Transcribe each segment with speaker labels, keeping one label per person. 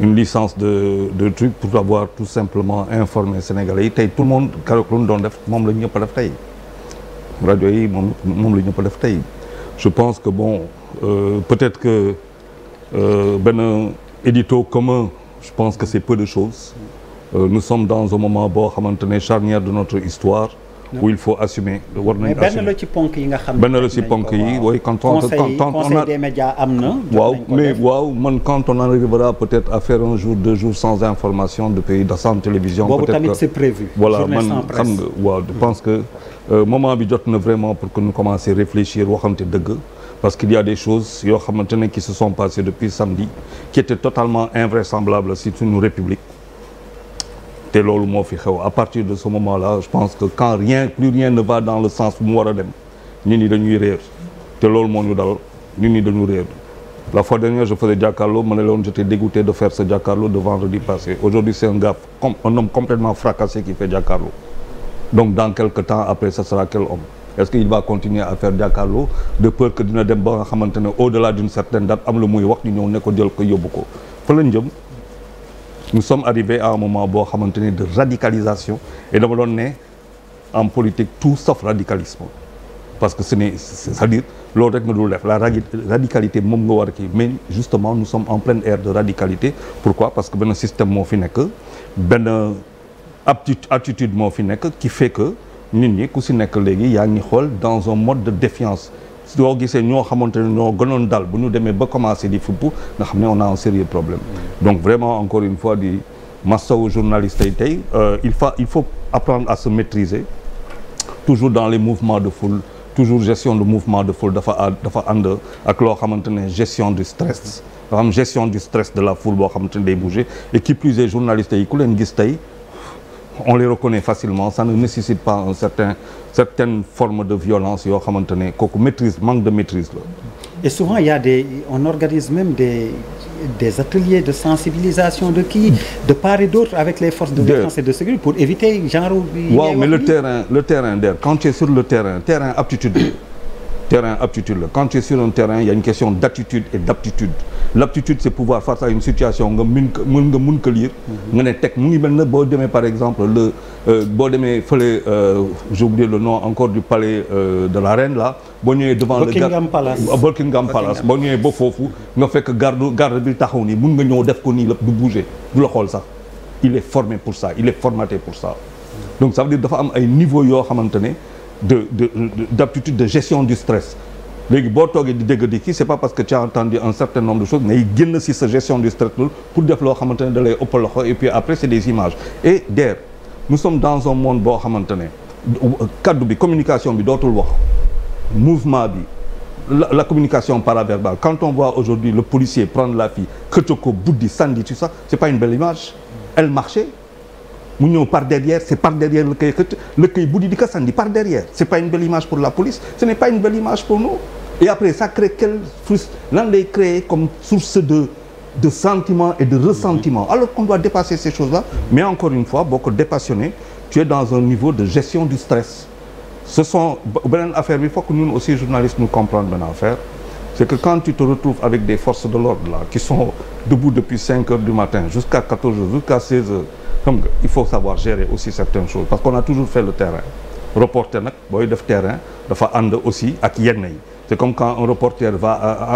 Speaker 1: une licence de de truc pour avoir tout simplement informé Sénégalais yi tey tout le monde keroog lu ñu doon def moom la ñu ñëpp a def tey rajo yi moom moom la ñu ñëpp a def tey je pense que bon euh, peut-être que euh, benn édito commun je pense que c'est peu de choses euh, nous sommes dans un moment boo xamante ne charnière de notre histoire où il faut assumer war nañu. assumer benn la ci ponk yi nga xam ne. benn la ci ponk yi oui quand on. conseil conseil des médias am na. waaw mais waaw man quand on arrivera peut-être à faire un jour deux jours sans information de pays sans télévision. peut-être boobu tamit c'est prévu. voilà man xam nga waaw je pense que euh, moment bi jot na vraiment pour que nous commencer réfléchir waxante dëgg. parce qu'il y a des choses yoo xamante ne qui se sont passées depuis samedi qui étaient totalement invraisemblables si suñu république. te loolu moo fi xew à partir de ce moment là je pense que quand rien plus rien ne va dans le sens bu mu dem ñun ñi dañuy réer te loolu moo ñu dal ñun ñi dañu réer la fois dernière je faisais jàkkaarloo ma ne la woon j'étais dégoûté de faire ce jàkkaarloo de vendredi passé aujourd'hui c'est un gars un homme complètement fracassé qui fait jàkkaarloo donc dans quelque temps après ce qu'il va continuer à faire jàkkaarloo de peur que dina dem ba nga xamante ne au-delà d'une certaine date am la muy wax ñu ñëw ko jël ko yóbbu ko fa lañ jëm nous sommes arrivés à un moment boo xamante ni de radicalisation et dama doon ne en politique tout sauf radicalisme parce que ce n'est c'est-à-dire loolu rek nga dul def la radicalité moom nga war a kii mais justement nous sommes en pleine ère de radicalité pourquoi parce que benn système moo fi nekk benn attitude moo fi nekk qui fait que nit ñi ku si nekk léegi yaa ngi xool dans un mode de défiance si doo gisee ñoo xamante ne ñoo gënoon dal bu ñu demee ba commencé di fupp nga xam ne on a un sérieux problème donc vraiment encore une fois di mastawu journaliste yi tey euh, il faut il faut apprendre à se maîtriser toujours dans les mouvements de foule toujours gestion de mouvement de foule dafa dafa ànd ak loo xamante ne gestion du stress dafa am gestion du stress de la foule boo xamante ne de bouger et qui plus est journaliste yi ku leen gis tey on les reconnaît facilement ça ne nécessite pas un certain certaine forme de violence yoo xamante ne kooku maîtrise manque de maîtrise la et souvent il y a des on organise même des des ateliers de sensibilisation de qui de part et d'autre avec les forces de défense et de sécurité pour éviter genre waaw mais le terrain le terrain d'air quand tu es sur le terrain terrain aptitude terrain aptitude la quand tu sur un terrain il y a une question d'attitude et d'aptitude l'aptitude c'est pouvoir face à une situation nga mun mun nga mm-hmm. nga ne teg mu ngi mel na boo demee par exemple le euh, boo demee fële euh, j'ai oublié le nom encore du palais euh, de la reine la boo ñëwee devant le euh, Buckingham Palace Buckingham Palace boo ñëwee ba foofu nga fekk garde garde bi taxaw nii mun nga ñëw def ko nii lépp du bouger du la xool sax il est formé pour ça il est pour ça mm-hmm. donc ça veut dafa am ay niveau yoo xamante ne de de d'aptitude de gestion du stress léegi boo toogee di dégg di kii c'est pas parce que tu as entendu un certain nombre de choses ngay génn si sa gestion du stress loolu pour def loo xamante ne da lay ëpp loxo et puis après c'est des images et der nous sommes dans un monde boo xamante ne kaddu bi communication bi dootul wax mouvement bi la, la communication paraverbale quand on voit aujourd'hui le policier prendre la fille xëcc ko buddi sandi tout ça c'est pas une belle image elle mu ñëw par derrière c'est par derrière la koy xëcc la koy buddi di ko sandi par derrière c'est pas une belle image pour la police ce pas une belle image pour nous et après ça crée quelle frust créer comme source de de sentiment et de ressentiment alors qu'on doit dépasser ces choses-là mais encore une fois boo ko dépassionné tu un niveau de gestion du stress ce sont beneen affaire bi fokk ñun aussi journalistes nous comprendre beneen affaire c'est que quand tu te retrouves avec des forces de l'ordre là qui sont heures du matin jusqu'à 14 heures jusqu'à 16 xam nga il faut savoir gérer aussi certaines choses parce qu'on a toujours fait le terrain reporter nag booy def terrain dafa ànd aussi ak yenn yi c'est comme quand un reporter va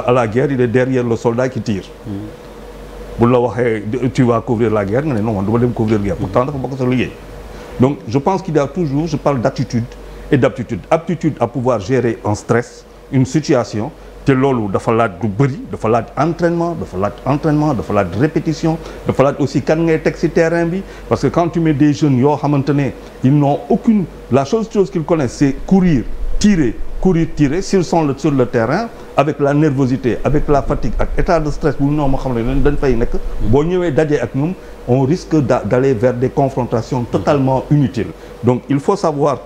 Speaker 1: à la guerre il est derrière le soldat qui tire mm. bu la waxee tu vas couvrir la guerre nga ne non man dem couvrir guerre pourtant dafa bokk sa liggéey donc je pense qu'il y a toujours je parle d'attitude et d'aptitude aptitude à pouvoir gérer en stress une situation te loolu dafa laaj du bëri dafa laaj entraînement dafa laaj entraînement répétition dafa laaj aussi kan ngay teg ci terrain bi parce que quand tu mets des jeunes yoo xamante ne ils n'ont aucune la chose chose qu'ils connaissent c'est courir tirer courir tirer s'ils sont le sur le terrain avec la nervosité avec la fatigue ak état de stress bu ñoo ma xam ne dañ fay nekk boo ñëwee dajee ak ñoom on risque d'aller vers des confrontations totalement inutiles donc il faut savoir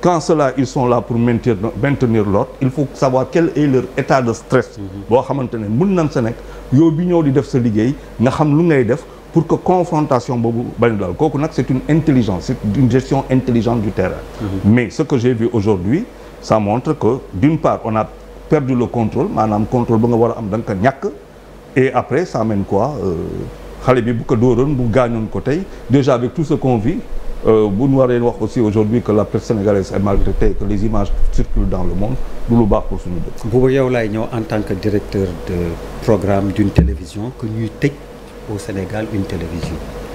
Speaker 1: quand cela ils sont là pour maintenir maintenir l'ordre il faut savoir quel est leur état de stress boo xamante ne mën nañ sa nekk yow bi ñëw di def sa liggéey nga xam lu ngay def pour que confrontation boobu bañ daal kooku nag c'est une intelligence c'est une gestion intelligente du terrain mhm. mais ce que j'ai vu aujourd'hui ça montre que d'une part on a perdu le contrôle maanaam contrôle ba nga war a am da nga ko ñàkk et après ça mène quoi euh, xale bi bu ko dóoroon bu gaañoon ko tey déjà avec tout ce qu'on Euh, bu ñu waree wax aussi aujourd'hui que la presse sénégalaise est maltraitée que les images circulent dans le monde du lu baax pour suñu dëkk. boobu yow laay ñëw en tant que directeur de programme d'une télévision que ñuy tëj au Sénégal une télévision.